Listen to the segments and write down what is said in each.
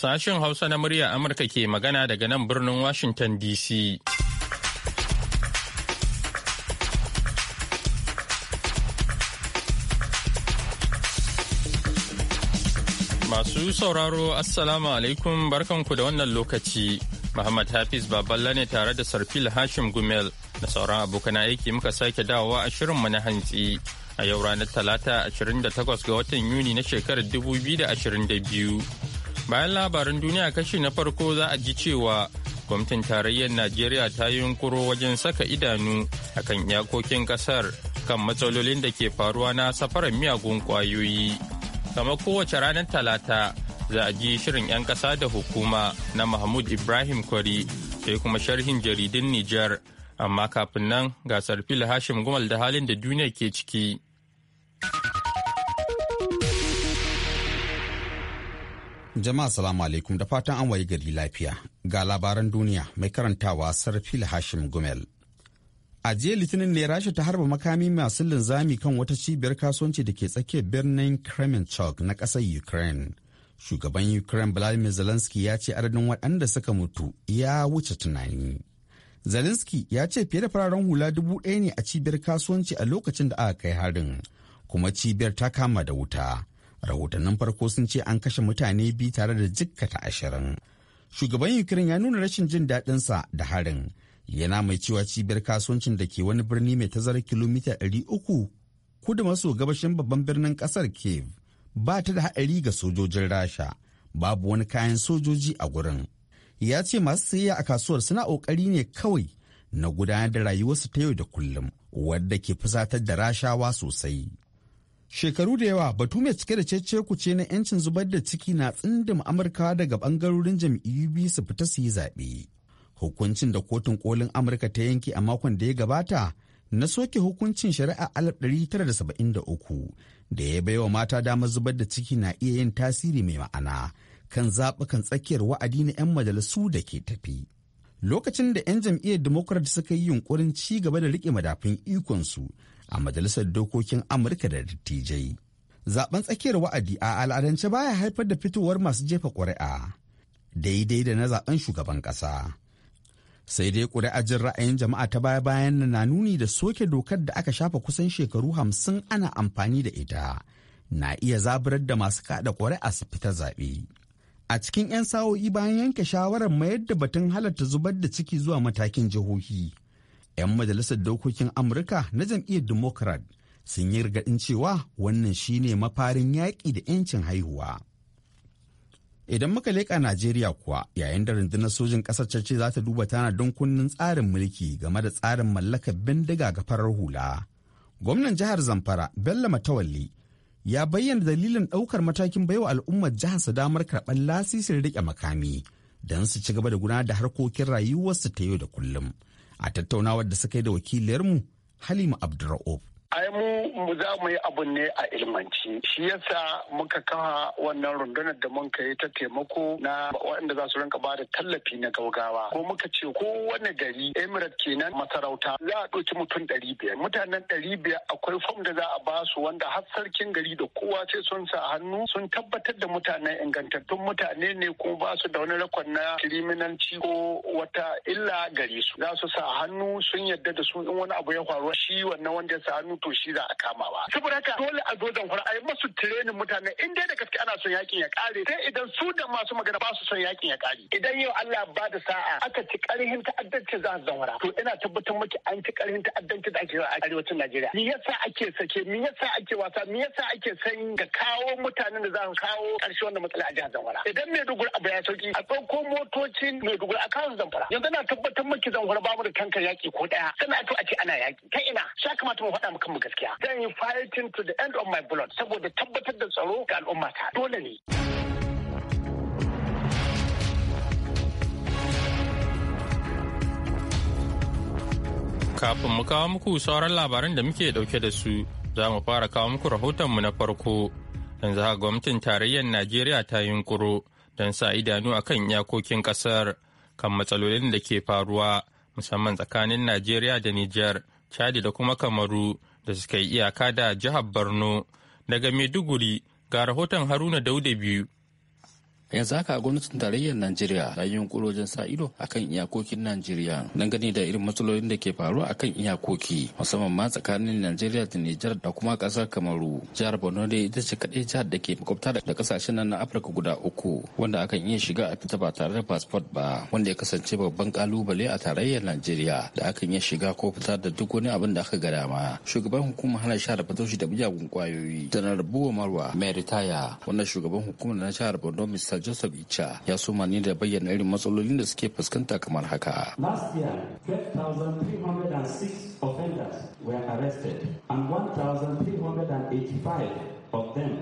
Sashen Hausa na murya Amurka ke magana daga nan birnin Washington DC. Masu sauraro Assalamu alaikum barkanku da wannan lokaci. Muhammad Hafiz Baballa ne tare da Sarfil Hashim Gumel na sauran abokan aiki muka sake dawowa a shirin mu na hantsi. A yau ranar Talata 28 ga watan Yuni na shekarar 2022. Bayan labarin duniya kashi na farko za a ji cewa gwamnatin tarayyar Najeriya ta yi yunkuro wajen saka idanu akan iyakokin kasar kan matsalolin da ke faruwa na safarar miyagun kwayoyi. Kama kowace ranar talata za a ji shirin 'yan ƙasa da hukuma na Mahmud Ibrahim Kwari sai kuma sharhin jaridun Nijar. Amma kafin nan gasar fil Hashim Gumal da halin da duniya ke ciki. Jama'a salamu alaikum da fatan an waye gari lafiya ga labaran duniya mai karantawa sarfil Hashim Gumel. A jiya Litinin ne Rasha ta harba makami masu linzami kan wata cibiyar kasuwanci da ke tsakiyar birnin Kremenchuk na ƙasar Ukraine. Shugaban Ukraine Vladimir Zelensky ya ce adadin waɗanda suka mutu ya wuce tunani. Zelensky ya ce fiye da fararen hula dubu ɗaya ne a cibiyar kasuwanci a lokacin da aka kai harin, kuma cibiyar ta kama da wuta. rahotannin farko sun ce an kashe mutane biyu tare da jikkata ashirin shugaban ukraine ya nuna rashin jin daɗinsa da harin yana mai cewa cibiyar kasuwancin da ke wani birni mai tazarar kilomita 300 kudu maso gabashin babban birnin ƙasar kiev ba ta da haɗari ga sojojin rasha babu wani kayan sojoji a gurin ya ce masu sayayya a kasuwar suna ƙoƙari ne kawai na gudanar da rayuwarsu ta yau da kullum wadda ke fusatar da rashawa sosai shekaru da yawa batu mai cike da cece kuce na yancin zubar da ciki na tsindin Amurka daga bangarorin jam'iyyu biyu su fita su yi zaɓe hukuncin da kotun kolin amurka ta yanke a makon da ya gabata na soke hukuncin shari'a tara da ya baiwa mata damar zubar da ciki na iya yin tasiri mai ma'ana kan zaɓukan tsakiyar wa'adi na 'yan majalisu da ke tafi lokacin da 'yan jam'iyyar democrat suka yi yunkurin ci gaba da riƙe madafin ikonsu a majalisar dokokin amurka da dattijai zaben tsakiyar wa'adi a al'adance baya haifar da fitowar masu jefa ƙuri'a daidai da na zaben shugaban ƙasa sai dai ƙuri'a jin ra'ayin jama'a ta baya bayan na nuni da soke dokar da aka shafa kusan shekaru hamsin ana amfani da ita na iya zaburar da masu kaɗa ƙuri'a su fita zaɓe a cikin 'yan sa'o'i bayan yanke shawarar mayar da batun halarta zubar da ciki zuwa matakin jihohi 'yan majalisar dokokin amurka na jam'iyyar democrat sun yi rigaɗin cewa wannan shine mafarin yaƙi da 'yancin haihuwa idan muka leƙa najeriya kuwa yayin da rundunar sojin ƙasar ce za ta duba tana don kunnen tsarin mulki game da tsarin mallakar bindiga ga farar hula gwamnan jihar zamfara bello matawalli ya bayyana dalilin ɗaukar matakin baiwa al'ummar jihar su damar karɓar lasisin riƙe makami don su ci gaba da gudanar da harkokin rayuwarsu ta yau da kullum a tattaunawar da suka yi da wakiliyarmu halima abdurra'ub ai mu mu za mu yi abun ne a ilmanci shi yasa muka kafa wannan rundunar da mun kai ta taimako na waɗanda za su rinka ba da tallafi na gaugawa ko muka ce ko wani gari emirat kenan masarauta za a ɗauki mutum ɗari biyar mutanen ɗari biyar akwai fom da za a ba su wanda har sarkin gari da kowa ce sun sa hannu sun tabbatar da mutanen ingantattun mutane ne ko ba su da wani rakon na kiriminanci ko wata illa gari su za su sa hannu sun yarda da su in wani abu ya faru shi wannan wanda ya sa hannu to shi za a kama ba saboda haka dole a zo zamfara a yi masu tirenin mutane in dai da gaske ana son yakin ya kare sai idan su da masu magana ba su son yakin ya kare idan yau Allah ba da sa'a aka ci karhin ta'addanci za a zamfara to ina tabbatar maki an ci karhin ta'addanci da ake a arewacin Najeriya me yasa ake sake me yasa ake wasa me yasa ake sanyi. ga kawo mutanen da za su kawo karshe wannan matsala a jihar Zamfara idan Maiduguri abu ya sauki a ɗauko motocin Maiduguri a kawo Zamfara yanzu na tabbatar maki Zamfara ba da tankar yaki ko daya sannan a to a ce ana yaki kai ina sha kamata mu faɗa maka mu gaskiya zan yi fighting to the end of my blood saboda tabbatar da tsaro ga al'umma ta dole ne kafin mu kawo muku sauran labaran da muke dauke da su za mu fara kawo muku rahotonmu na farko yanzu haka gwamnatin tarayyar najeriya ta yunkuro don sa idanu a kan iyakokin kasar kan matsalolin da ke faruwa musamman tsakanin najeriya da Nijar, chadi da kuma kamaru da suka yi iyaka da jihar Borno daga Maiduguri ga rahoton Haruna Dauda biyu yanzu haka gwamnatin tarayyar najeriya ta yi yunkuri wajen sa ido a kan iyakokin najeriya gani da irin matsalolin da ke faruwa kan iyakoki musamman ma tsakanin najeriya da nijar da kuma kasar kamaru jihar borno dai ita ce kaɗai jihar da ke makwabta da kasashen nan na afirka guda uku wanda akan iya shiga a fita ba tare da fasfot ba wanda ya kasance babban kalubale a tarayyar najeriya da akan iya shiga ko fita da duk wani abin da aka ga dama shugaban hukumar hana sha da fatoshi da miyagun kwayoyi janar buwa marwa mai ritaya wannan shugaban hukumar na jihar borno mr Joseph Icha ya suma ne da bayyana irin matsalolin da suke fuskanta kamar haka. Last year, 5,306 offenders were arrested and 1,385 of them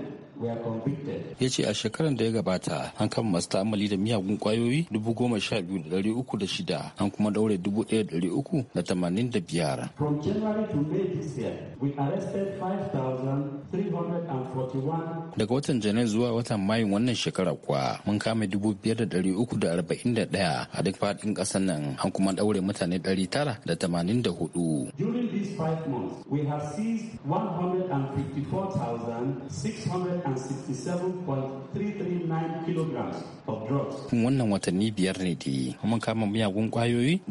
ya ce a shekarar da ya gabata an kama masu ta'amali da miyagun kwayoyi dubu goma sha biyu da dari uku da shida an kuma daure dubu ɗaya da dari uku da tamanin da biyar. From January to May this year, we arrested 5,341. Daga watan Janai zuwa watan Mayu wannan shekara kuwa mun kame dubu biyar da dari uku da arba'in da ɗaya a duk faɗin ƙasar nan an kuma daure mutane ɗari tara da tamanin da hudu. During these five months, we have seized 154,600 kun Wannan watanni biyar ne da yi, mun kama miyagun kwayoyi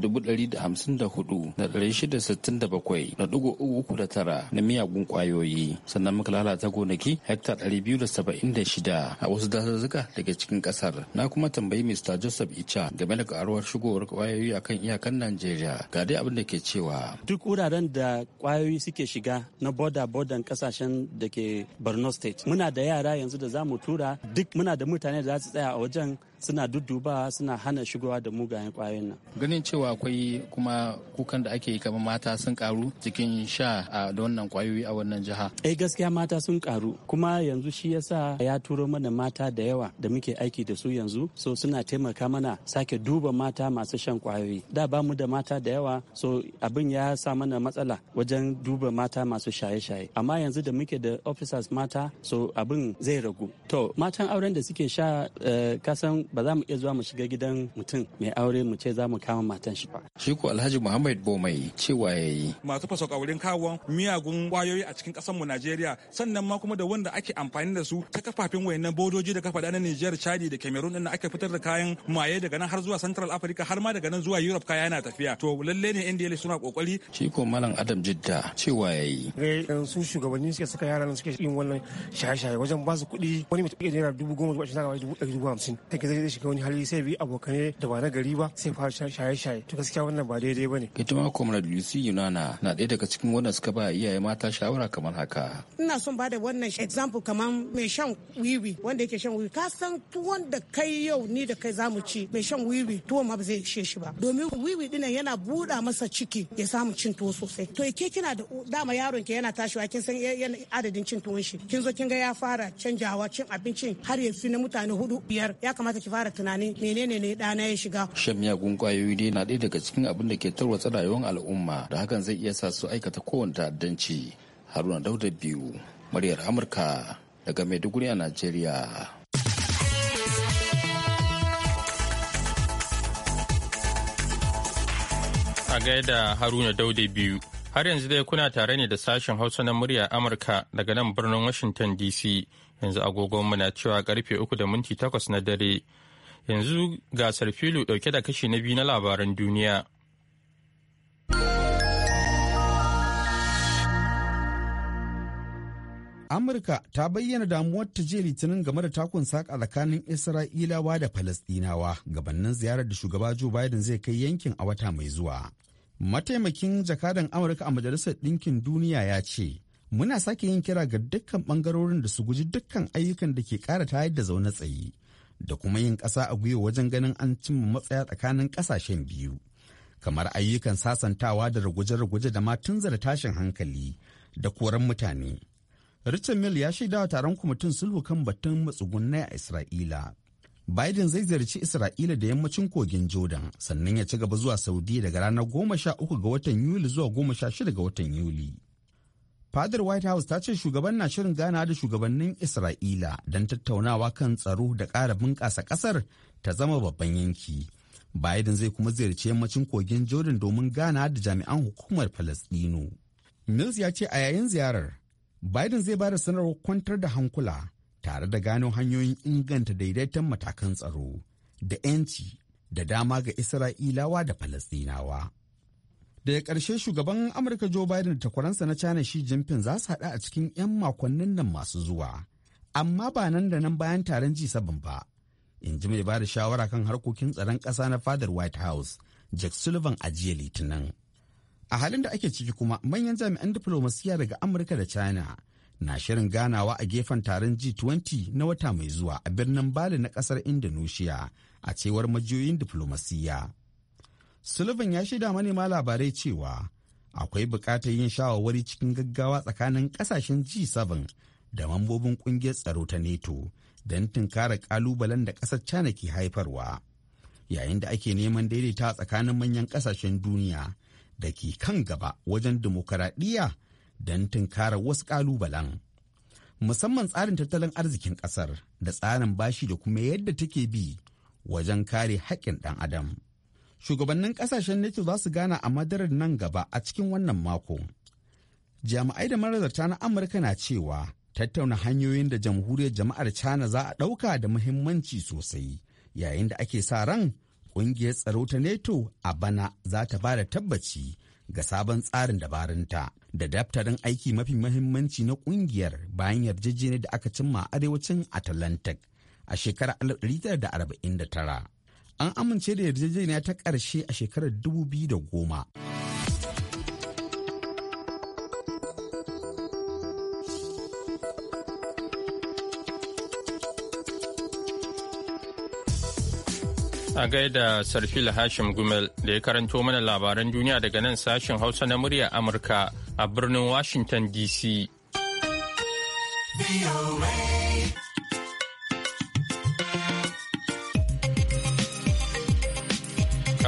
tara na miyagun kwayoyi, sannan muka lalata gonaki hekta shida. a wasu dazuzzuka daga cikin kasar. Na kuma tambayi Mr. Joseph Icha game da karuwar shigowar kwayoyi kan iyakan Najeriya. Ga dai abin da ke cewa. Duk wuraren da kwayoyi suke shiga na boda-bodan kasashen da ke Borno State, muna da yara yanzu da za mu tura duk muna da mutane da za su tsaya a wajen suna dudduba suna hana shigowa da mugayen kwayoyin nan ganin cewa akwai kuma kukan da ake yi kamar mata sun karu cikin sha da wannan kwayoyi a wannan jiha eh gaskiya mata sun karu kuma yanzu shi yasa ya turo mana mata da yawa da muke aiki da su yanzu so suna taimaka mana sake duba mata masu shan kwayoyi da ba mu da mata da yawa so abin ya sa mana matsala wajen duba mata masu shaye-shaye amma yanzu da muke da officers mata so abin zai ragu to matan auren da suke sha eh, kasan ba za mu iya zuwa mu shiga gidan mutum mai aure mu ce za mu kama matan shi ba. Shi ko Alhaji Muhammad Bomai cewa ya yi. Masu kawurin kawon miyagun kwayoyi a cikin ƙasar mu Najeriya sannan ma kuma da wanda ake amfani da su ta kafafen wayannan bodoji da kafa da na Nijar, Chadi da Cameroon din ake fitar da kayan maye daga nan har zuwa Central Africa har ma daga nan zuwa Europe kaya yana tafiya. To lalle ne NDLA suna kokari. Shi ko Malam Adam Jidda cewa ya yi. Eh, su shugabanni suke saka yaran suke yin wannan shaye-shaye wajen ba su kuɗi wani mutum iya naira dubu goma zuwa ashirin dubu ɗari dubu hamsin. Take sai zai shiga wani hali sai bi abokanai da ba na gari ba sai fara shaye-shaye to gaskiya wannan ba daidai bane ita ma comrade Lucy Yunana na ɗaya daga cikin wanda suka ba iyaye mata shawara kamar haka ina son ba da wannan example kamar mai shan wiwi wanda yake shan wiwi ka san tuwon da kai yau ni da kai zamu ci mai shan wiwi tuwon ma ba zai ishe shi ba domin wiwi dinnan yana buɗa masa ciki ya samu cin tuwo sosai to ke kina da dama yaron ki yana tashiwa kin san adadin cin tuwon shi kin zo kin ga ya fara canjawa cin abincin har ya fi na mutane hudu biyar ya kamata ki ki fara tunanin menene ne dana ya shiga. Shan miyagun kwayoyi dai na ɗaya daga cikin abin da ke tarwatsa rayuwar al'umma da hakan zai iya sa su aikata kowane ta'addanci. Haruna Dauda biyu, muryar Amurka daga Maiduguri a Najeriya. A gaida Haruna Dauda biyu, har yanzu dai kuna tare ne da sashen Hausa na murya Amurka daga nan birnin Washington DC. yanzu agogonmu na cewa karfe uku da minti takwas na dare yanzu gasar filu dauke da kashi na biyu na labaran duniya amurka ta bayyana damuwar ta jiya litinin game da takun saƙa tsakanin isra'ilawa da falastinawa gabanin ziyarar da shugaba joe biden zai kai yankin a wata mai zuwa mataimakin jakadan amurka a majalisar ɗinkin duniya ya ce muna sake yin kira ga dukkan bangarorin da su guji dukkan ayyukan da ke kara tayar da zaune tsaye da kuma yin ƙasa a gwiwa wajen ganin an cimma matsaya tsakanin ƙasashen biyu kamar ayyukan sasantawa da raguje-raguje da ma zara tashin hankali da koran mutane. Richard Mill ya shaidawa taron kwamitin sulhu kan batun matsugunai a Isra'ila. Biden zai ziyarci Isra'ila da yammacin kogin Jordan sannan ya ci gaba zuwa Saudi daga ranar goma sha uku ga watan Yuli zuwa goma sha shida ga watan Yuli. fadar white house ta ce shugaban na shirin gana da shugabannin isra'ila don tattaunawa kan tsaro da ƙara bunƙasa ƙasar ta zama babban yanki biden zai kuma ziyarci yammacin kogin jordan domin gana da jami'an hukumar falasɗinu mills ya ce a yayin ziyarar biden zai bada sanarwar kwantar da hankula tare da gano hanyoyin inganta daidaiton matakan tsaro da 'yanci da dama ga isra'ilawa da falastinawa Da ya ƙarshe shugaban amurka joe biden da takwaransa na china shi jinping za su haɗu a cikin 'yan makonnin nan masu zuwa amma ba nan da nan bayan taron ji sabin ba in ji mai bada shawara kan harkokin tsaron ƙasa na fadar white house jack sullivan a jiya litinin a halin da ake ciki kuma manyan jami'an diflomasiyya daga amurka da china na shirin ganawa a gefen taron g20 na wata mai zuwa a birnin bali na kasar indonesia a cewar majiyoyin diflomasiyya sullivan ya shaida manema labarai cewa akwai bukatar yin shawarwari cikin gaggawa tsakanin ƙasashen g7 da mambobin ƙungiyar tsaro ta NATO don tunkara kalubalen da kasar china ke haifarwa yayin da ake neman daidaita tsakanin manyan ƙasashen duniya da ke kan gaba wajen dimokuraɗiyya don tunkara wasu ƙalubalen musamman tsarin tattalin arzikin ƙasar da tsarin bashi da kuma yadda take bi wajen kare haƙƙin ɗan adam. shugabannin kasashen NATO za su gana a madarar nan gaba a cikin wannan mako. Jami'ai da marazarta na Amurka na cewa tattauna hanyoyin da jamhuriyar jama'ar China za a ɗauka da muhimmanci sosai yayin da ake sa ran ƙungiyar tsaro ta NATO a bana za ta ba da tabbaci ga sabon tsarin dabarunta da daftarin aiki mafi muhimmanci na ƙungiyar bayan yarjejeniyar da aka cimma a arewacin Atlantic a shekarar 1949. an amince da yarjejeniya ta ƙarshe a shekarar 2010. A gaida Sarfil Hashim Gumel da ya karanto mana labaran duniya daga nan sashen Hausa na murya Amurka a birnin Washington DC.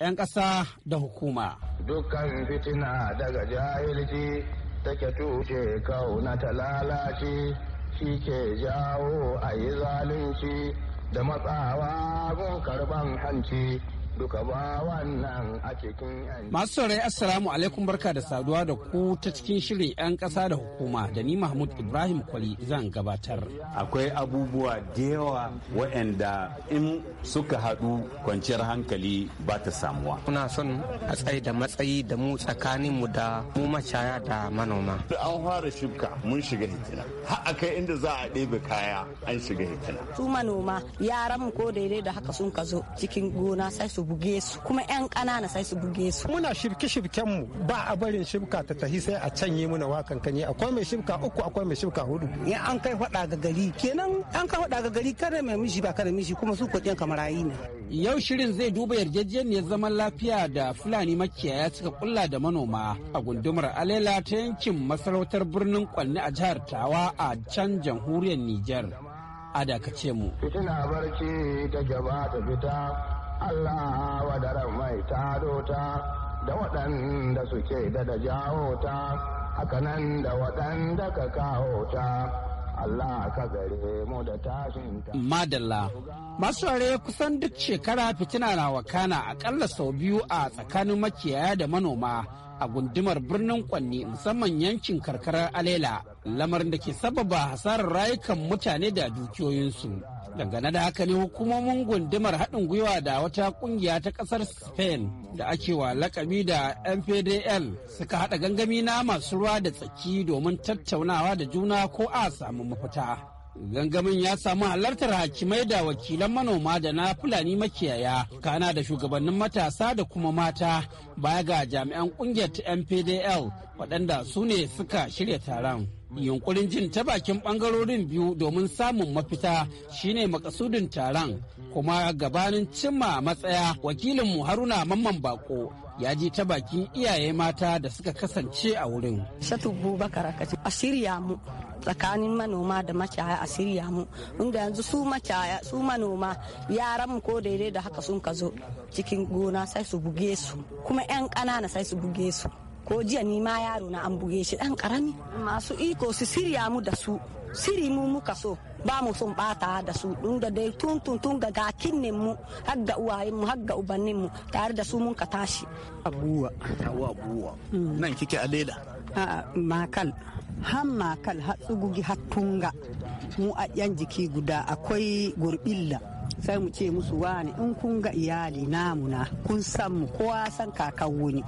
'yan ƙasa da hukuma. Dukkan fitina daga jahilci take tushe kauna ta lalace shi ke jawo a yi zalunci da matsawa gun karban hanci. duka ba wannan a cikin Masu saurayi Assalamu alaikum barka da saduwa da ku ta cikin shirin 'yan ƙasa da hukuma da ni Mahmud Ibrahim Kwali zan gabatar. Akwai abubuwa da yawa waɗanda in suka haɗu kwanciyar hankali ba ta samuwa. kuna son a tsayi da matsayi da mu tsakanin mu da mu macaya da manoma. An fara shuka mun shiga hitina. Har a inda za a ɗebe kaya an shiga hitina. Su manoma yaran mu ko daidai da haka sun ka zo cikin gona sai su buge su kuma 'yan ƙanana sai su buge su muna shibke shibken mu ba a barin shibka ta tahi sai a canye muna wakan kanye akwai mai shibka uku akwai mai shibka hudu in an kai fada ga gari kenan an kai fada ga gari kare mai mishi ba kare mishi kuma su kuɗin kamarayi ne yau shirin zai duba yarjejeniyar zaman lafiya da fulani makiyaya cika kulla da manoma a gundumar alela ta yankin masarautar birnin kwanne a jihar tawa a can jamhuriyar niger a dakace mu fitina barci ta gaba ta fita Allah wadaran mai taro ta da waɗanda suke da da jawo ta hakanan da waɗanda ka kawo ta Allah ka gare mu da tashin ta. Madalla Masu ware kusan duk shekara fitina na wakana akalla sau biyu a tsakanin makiyaya da manoma a gundumar birnin Kwanni musamman yankin karkarar Alela lamarin da ke sababa hasarar rayukan mutane da dukiyoyinsu. Dangane da haka ne hukumomin gundumar haɗin gwiwa da wata ƙungiya ta ƙasar Spain da ake wa lakabi da MPDL suka haɗa gangami na masu ruwa da tsaki domin tattaunawa da juna ko a samu mafita. Gangamin ya samu halartar hakimai da wakilan manoma da na Fulani makiyaya, kana da shugabannin matasa da kuma mata baya ga jami'an kungiyar MPDL waɗanda su ne suka shirya taron. Yunkurin jin ta bakin ɓangarorin biyu domin samun mafita shine makasudin taron kuma gabanin cimma matsaya wakilin mu Haruna Mamman Bako ya ji ta bakin iyaye mata da suka kasance a wurin. Shatu Bubakar a shirya mu tsakanin manoma da macaya a siriya mu inda yanzu su macaya su manoma yaran mu ko daidai da haka sun ka zo cikin gona sai su buge su kuma 'yan ƙanana sai su buge su ko jiya ni ma yaro na an buge shi dan karami masu iko su siriya mu da su siri mu muka so ba mu sun bata da su dun da dai tun tun tun ga gakinnin mu har ga uwayen mu har ga ubannin mu tare da su mun ka tashi abuwa abuwa hmm. nan kike a leda makal han makal har tsugugi har tunga mu a yan jiki guda akwai gurbilla sai mu ce musu wani in kun ga iyali namuna kun san mu kowa san kakan wuni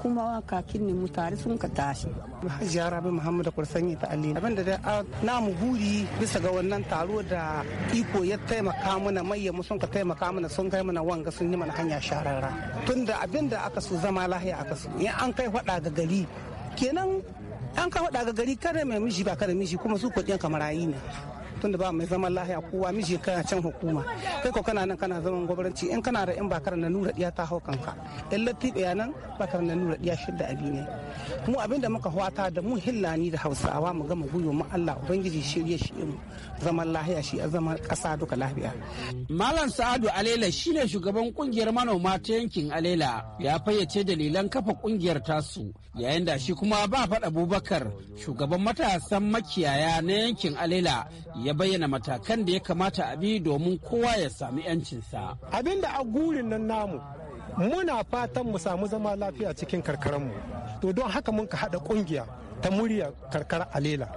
kuma kakin ne mu tare sun ka tashi hajji rabi muhammadu kursanyi ta ali abinda da namu buri bisa ga wannan taro da iko ya taimaka mana mayya mu sun ka taimaka mana sun kai mana wanga sun yi mana hanya sharara tunda abinda aka so zama lahiya aka su in an kai faɗa ga gari kenan an ka faɗa ga gari kada mai miji ba kada miji kuma su kuɗin kamar ayi ne tunda ba mai zaman lahiya kowa miji kana can hukuma kai ko kana nan kana zaman gwamnati in kana da in ba karan nura diya ta hau kanka in latibe ya nan ba karan nura diya shidda abi ne mu abin da muka hwata da mu ni da hausawa mu gama guyo mu Allah ubangiji shirye shi mu zaman lahiya shi a zaman kasa duka lafiya. malam sa'adu alela shine shugaban kungiyar manoma ta yankin alela ya fayyace dalilan kafa kungiyar tasu yayin da shi kuma ba faɗa abubakar shugaban matasan makiyaya na yankin alela ya bayyana matakan da ya kamata a bi domin kowa ya sami 'yancinsa. Abin da a gurin nan namu muna fatan mu samu zama lafiya cikin karkaranmu. To don haka mun ka haɗa ƙungiya ta murya karkar alela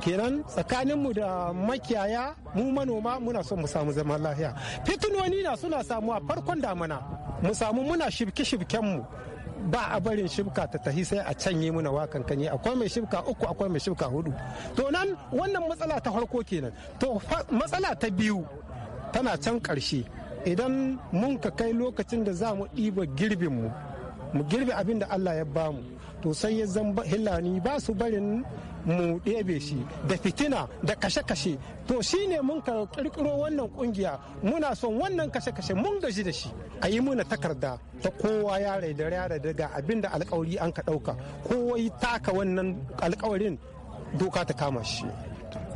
kenan tsakaninmu da makiyaya mu manoma muna son mu samu zama lafiya fitinoni na suna samuwa farkon damana mu samu muna shibke shibkenmu ba a barin shibka ta tahi sai a canye muna wakan kanye akwai mai shibka uku akwai mai shibka hudu to nan wannan matsala ta harko kenan to matsala ta biyu tana can karshe idan mun ka kai lokacin da za mu ɗiba girbinmu mu girbe abin da Allah ya ba mu to sai ya zan hillani ba su barin mu ɗebe shi da fitina da kashe-kashe to shi ne mun ka kirkiro wannan kungiya muna son wannan kashe-kashe mun gaji da shi a yi muna takarda ta kowa ya da daga abin da alkawari an ka ɗauka kowa taka wannan alkawarin doka ta kama shi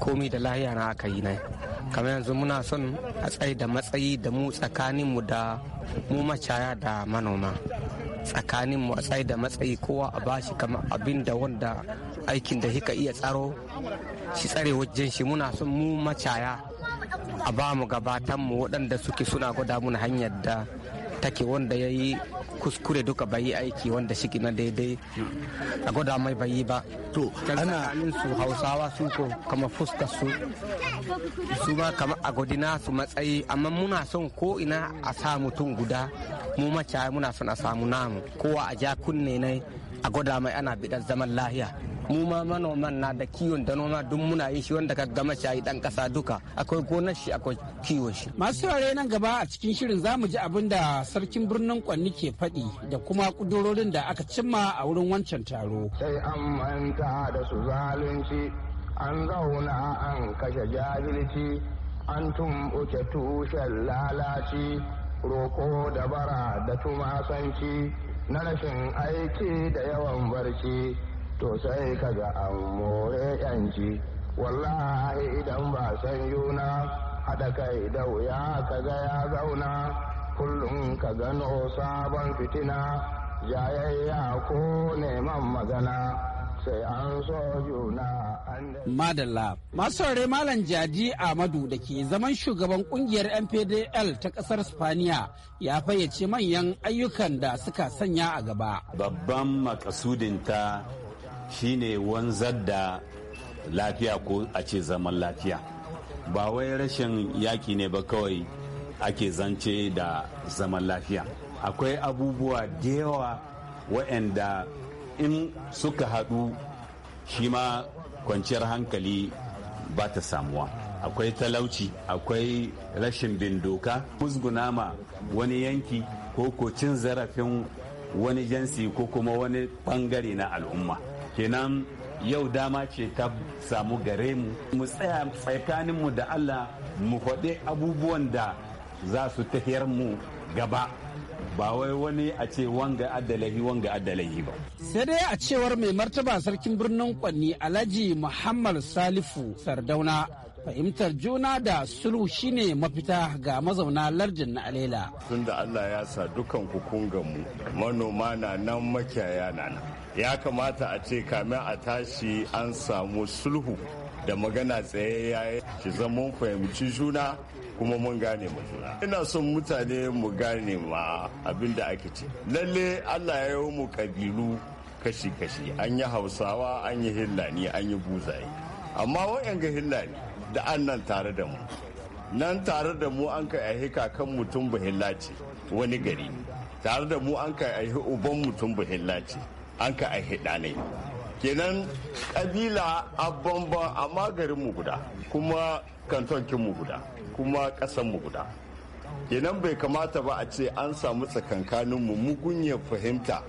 komi da lahiya na aka yi na kamar yanzu muna son a tsaye da matsayi da mu tsakaninmu da mu macaya da manoma tsakaninmu a tsaye da matsayi kowa a bashi kamar abin da wanda aikin da hika iya tsaro shi tsare wajen shi muna son mu macaya a ba mu gabatan mu waɗanda suke suna gwada mun hanyar da take wanda ya yi kuskure duka bai yi aiki wanda shi na daidai a gwada mai bai yi ba to ana su hausawa su ko kama fuska su su ma kama a godina nasu matsayi amma muna son ko ina a sa mutum guda mu mace muna son a samu namu kowa a ja kunne ne a gwada mai ana bidan zaman lahiya mu ma manoman na da kiwon da noma duk muna yin shi wanda ka gama shi yi dan kasa duka akwai gonar shi akwai kiwon shi masu yare nan gaba a cikin shirin zamu ji abin da sarkin birnin Kwanni ke faɗi da kuma kudurorin da aka cimma a wurin wancan taro sai an manta da su zalunci an zauna an kashe jahilci an tumɓuke tushen lalaci roko da bara da tumasanci na rashin aiki da yawan barci to sai kaga an more yanci wallahi idan ba san yuna haɗa kai da wuya ka ga ya zauna kullum ka gano sabon fitina jayayya ko neman magana sai an so juna Madalla. Masu Malam Jadi Amadu, da ke zaman shugaban kungiyar NPDL ta kasar Spaniya ya fayyace manyan ayyukan da suka sanya a gaba. Babban makasudinta shine wanzar da lafiya ko a ce zaman lafiya ba wai rashin yaki ne ba kawai ake zance da zaman lafiya akwai abubuwa da yawa waɗanda in suka haɗu shi ma kwanciyar hankali ba ta samuwa akwai talauci akwai rashin bin doka musgunama wani yanki ko ko cin zarafin wani jinsi ko kuma wani bangare na al'umma kenan yau dama ce ta samu gare mu mu tsaya tsakaninmu da allah mu faɗi abubuwan da za su tahiyar mu gaba ba wai wani a ce wanga adalahi wanga adalahi ba. Sai dai a cewar mai martaba sarkin birnin Kwanni Alhaji Muhammad Salifu Sardauna fahimtar juna da sulhu shine mafita ga mazauna lardin na Alela. Tunda Allah ya sa dukan ku kun manoma na nan makiyaya na nan. ya kamata a ce kamin a tashi an samu sulhu da magana tsaye ya shi mun fahimci juna kuma mun gane mu juna ina son mutane mu gane ma abin da ake ce lalle allah ya yi mu kabilu kashi-kashi an yi hausawa an yi hillani an yi buzaye amma wa'yan ga hillani da an nan tare da mu nan tare da mu an kai ahi kakan mutum buhillaci wani gari tare da mu an kai ahi uban mutum buhillaci an ka hida ne kenan kabila a bambam amma mu guda kuma mu guda kuma mu guda kenan bai kamata ba a ce an samu tsakankanin mu mugunya fahimta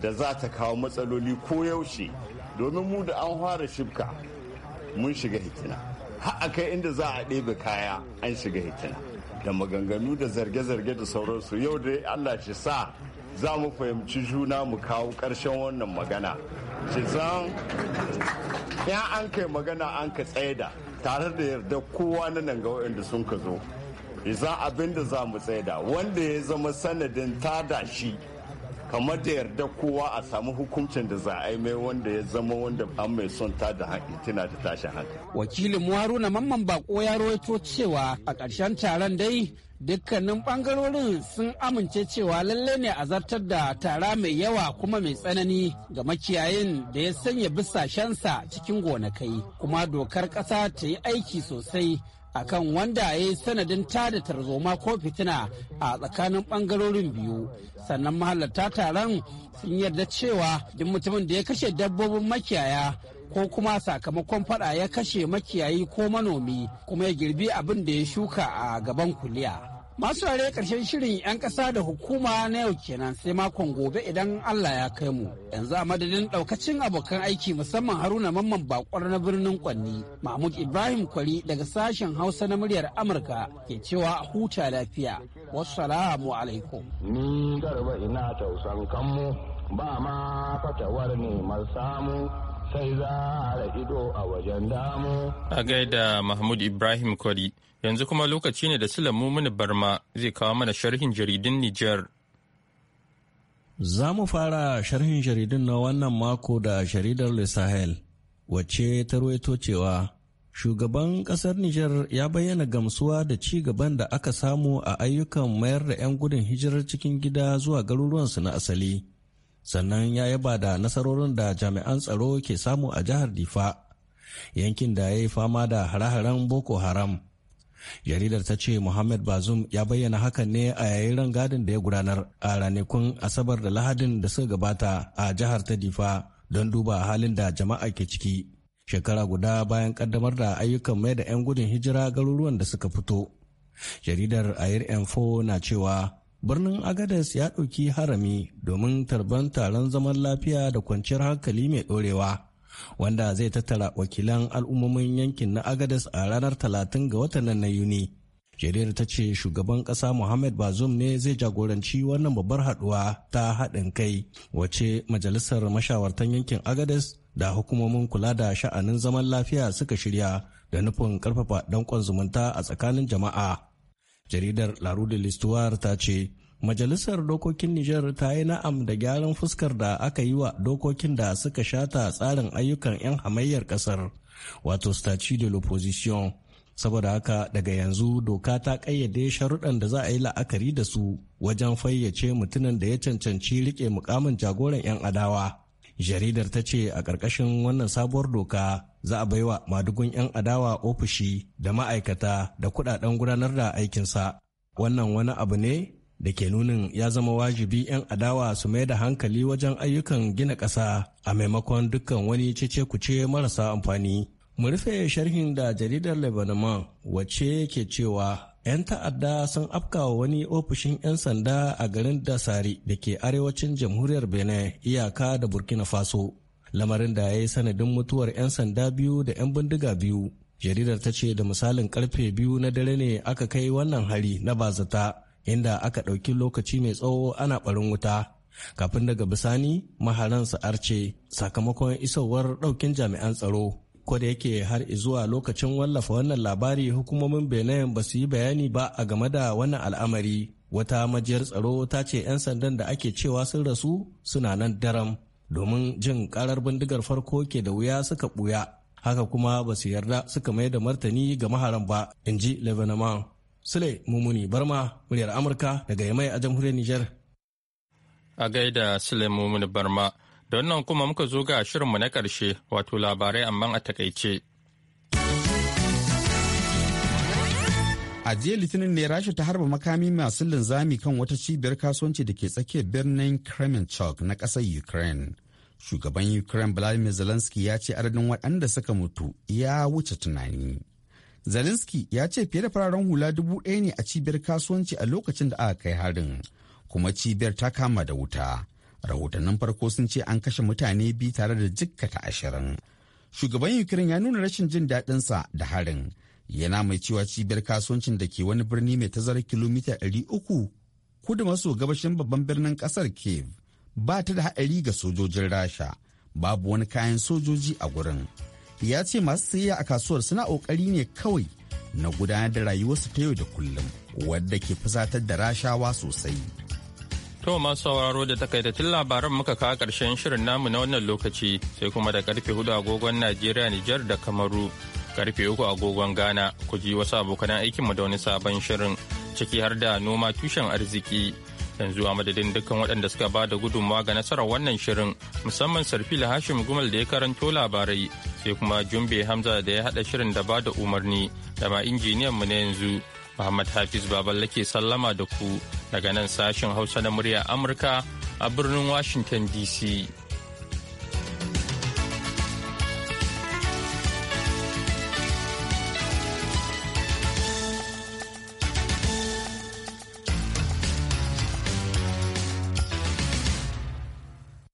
da za ta kawo matsaloli ko yaushe domin mu da an fara shibka mun shiga hitina har a kai inda za a ɗebe kaya an shiga hitina da maganganu da zarge-zarge da sauransu yau da allah shi sa za mu fahimci juna mu kawo ƙarshen wannan magana shi san ya an kai magana an ka tsaida tare da yarda kowa na nan ga waɗanda sun ka zo isa abin da za mu tsaida wanda ya zama sanadin tada shi kamar da yarda kowa a samu hukuncin da za a yi mai wanda ya zama wanda an mai son ta da tana da tashin hankali. Wakilin mu Haruna Mamman Bako ya rawaito cewa a ƙarshen taron dai dukkanin bangarorin sun amince cewa lalle ne a zartar da tara mai yawa kuma mai tsanani ga makiyayin da ya sanya bisashensa cikin gonakai kuma dokar ƙasa ta yi aiki sosai a kan wanda ya yi sanadin tada tarzoma ko fitina a tsakanin bangarorin biyu sannan mahalarta taron sun yarda cewa duk mutumin da ya kashe dabbobin makiyaya ko kuma sakamakon fada ya kashe makiyayi ko manomi kuma ya girbi abin da ya shuka a gaban kuliya Masu rare karshen shirin 'yan ƙasa da hukuma na yau kenan sai makon gobe idan Allah ya kai mu. Yanzu a madadin ɗaukacin abokan aiki musamman Haruna Mamman Bakwar na birnin Kwanni, Mahmud Ibrahim Kwari daga sashen Hausa na muryar Amurka ke cewa huta lafiya. Wassalamu alaikum. Ni garba ina tausan kanmu ba ma fatawar ne samu sai za a ido a wajen damu. A gaida Mahmud Ibrahim Kwari, yanzu kuma lokaci ne da Sula Mumuni Barma zai kawo mana sharhin jaridun Nijar. Za mu fara sharhin jaridun na wannan mako da jaridar Le Sahel, wacce ta ruwaito cewa shugaban ƙasar Nijar ya bayyana gamsuwa da ci gaban da aka samu a ayyukan mayar da 'yan gudun hijirar cikin gida zuwa garuruwansu na asali. sannan ya yaba da nasarorin da jami'an tsaro ke samu a jihar difa yankin da ya yi fama da hare-haren boko haram jaridar ta ce muhammad bazum ya bayyana hakan ne a yayin rangadin da ya gudanar a ranakun asabar da lahadin da suka gabata a jihar ta difa don duba halin da jama'a ke ciki shekara guda bayan kaddamar da ayyukan mai da 'yan gudun hijira garuruwan da suka fito jaridar air info na cewa birnin agadas ya ɗauki harami domin tarban taron zaman lafiya da kwanciyar hankali mai ɗorewa wanda zai tattara wakilan al'ummomin yankin na agadas a ranar 30 ga watan na yuni jariyar ta ce shugaban ƙasa muhammad bazoum ne zai jagoranci wannan babbar haɗuwa ta haɗin kai wace majalisar mashawartan yankin agadas da hukumomin kula da sha'anin zaman lafiya suka shirya da nufin ƙarfafa danƙon zumunta a tsakanin jama'a jaridar larude listuwar ta ce majalisar dokokin Nijar ta yi na'am da gyaran fuskar da aka yi wa dokokin da suka shata tsarin ayyukan 'yan hamayyar kasar wato staci de l'opposition saboda haka daga yanzu doka ta kayyade sharuɗan da za a yi la'akari da su wajen fayyace mutumin da ya cancanci riƙe mukamin jagoran 'yan adawa jaridar ta ce a ƙarƙashin wannan sabuwar doka za a baiwa madugun 'yan adawa ofishi da ma'aikata da kudaden gudanar da aikinsa wannan wani abu ne da ke nunin ya zama wajibi 'yan adawa su mai da hankali wajen ayyukan gina ƙasa a maimakon dukkan wani cece kuce marasa amfani mu rufe sharhin da jaridar lebanon wacce ke cewa 'yan ta'adda sun afkawa wani ofishin 'yan sanda a garin dasari da ke arewacin jamhuriyar benin iyaka da burkina faso lamarin da ya yi sanadin mutuwar 'yan sanda biyu da 'yan bindiga biyu jaridar ta ce da misalin karfe biyu na dare ne aka kai wannan hari na bazata inda aka ɗauki lokaci mai tsawo ana ɓarin wuta kafin daga bisani maharan arce sakamakon isowar ɗaukin jami'an tsaro ko da yake har zuwa lokacin wallafa wannan labari hukumomin benin ba su yi bayani ba a game da wannan al'amari wata majiyar tsaro ta ce 'yan sandan da ake cewa sun rasu suna nan daram domin jin karar bindigar farko ke da wuya suka buya haka kuma ba su yarda suka mai da martani ga maharan ba in ji lebanon sule mumuni barma muryar amurka daga yamai a jamhuriyar niger a gaida sule mumuni barma da wannan kuma muka zo ga shirinmu na karshe wato labarai amma a takaice a jiya litinin ne rasha ta harba makami masu linzami kan wata cibiyar kasuwanci da ke tsakiyar birnin kremenchuk na ƙasar ukraine shugaban ukraine vladimir zelensky ya ce adadin waɗanda suka mutu ya wuce tunani zelensky ya ce fiye da fararen hula dubu ɗaya ne a cibiyar kasuwanci a lokacin da aka kai harin kuma cibiyar ta kama da wuta rahotannin farko sun ce an kashe mutane biyu tare da jikkata ashirin shugaban ukraine ya nuna rashin jin daɗinsa da harin yana mai cewa cibiyar kasuwancin da ke wani birni mai tazarar kilomita 300 kudu maso gabashin babban birnin kasar kiev ba ta da haɗari ga sojojin rasha babu wani kayan sojoji a gurin ya ce masu sayayya a kasuwar suna ƙoƙari ne kawai na gudanar da rayuwarsu ta yau da kullum wadda ke fusatar da rashawa sosai To masu sauraro da takaitattun labaran muka kawo ƙarshen shirin namu na wannan lokaci sai kuma da karfe hudu agogon Najeriya Nijar da Kamaru karfe uku agogon Ghana ku ji wasu abokan aikinmu da wani sabon shirin ciki har da noma tushen arziki. Yanzu a madadin dukkan waɗanda suka ba da gudunmawa ga nasarar wannan shirin musamman Sarfila Hashim Gumal da ya karanto labarai sai kuma Jumbe Hamza da ya haɗa shirin da ba da umarni da ma injiniyan mu na yanzu Muhammad Hafiz ke sallama da ku daga nan sashen Hausa na murya Amurka a birnin Washington DC.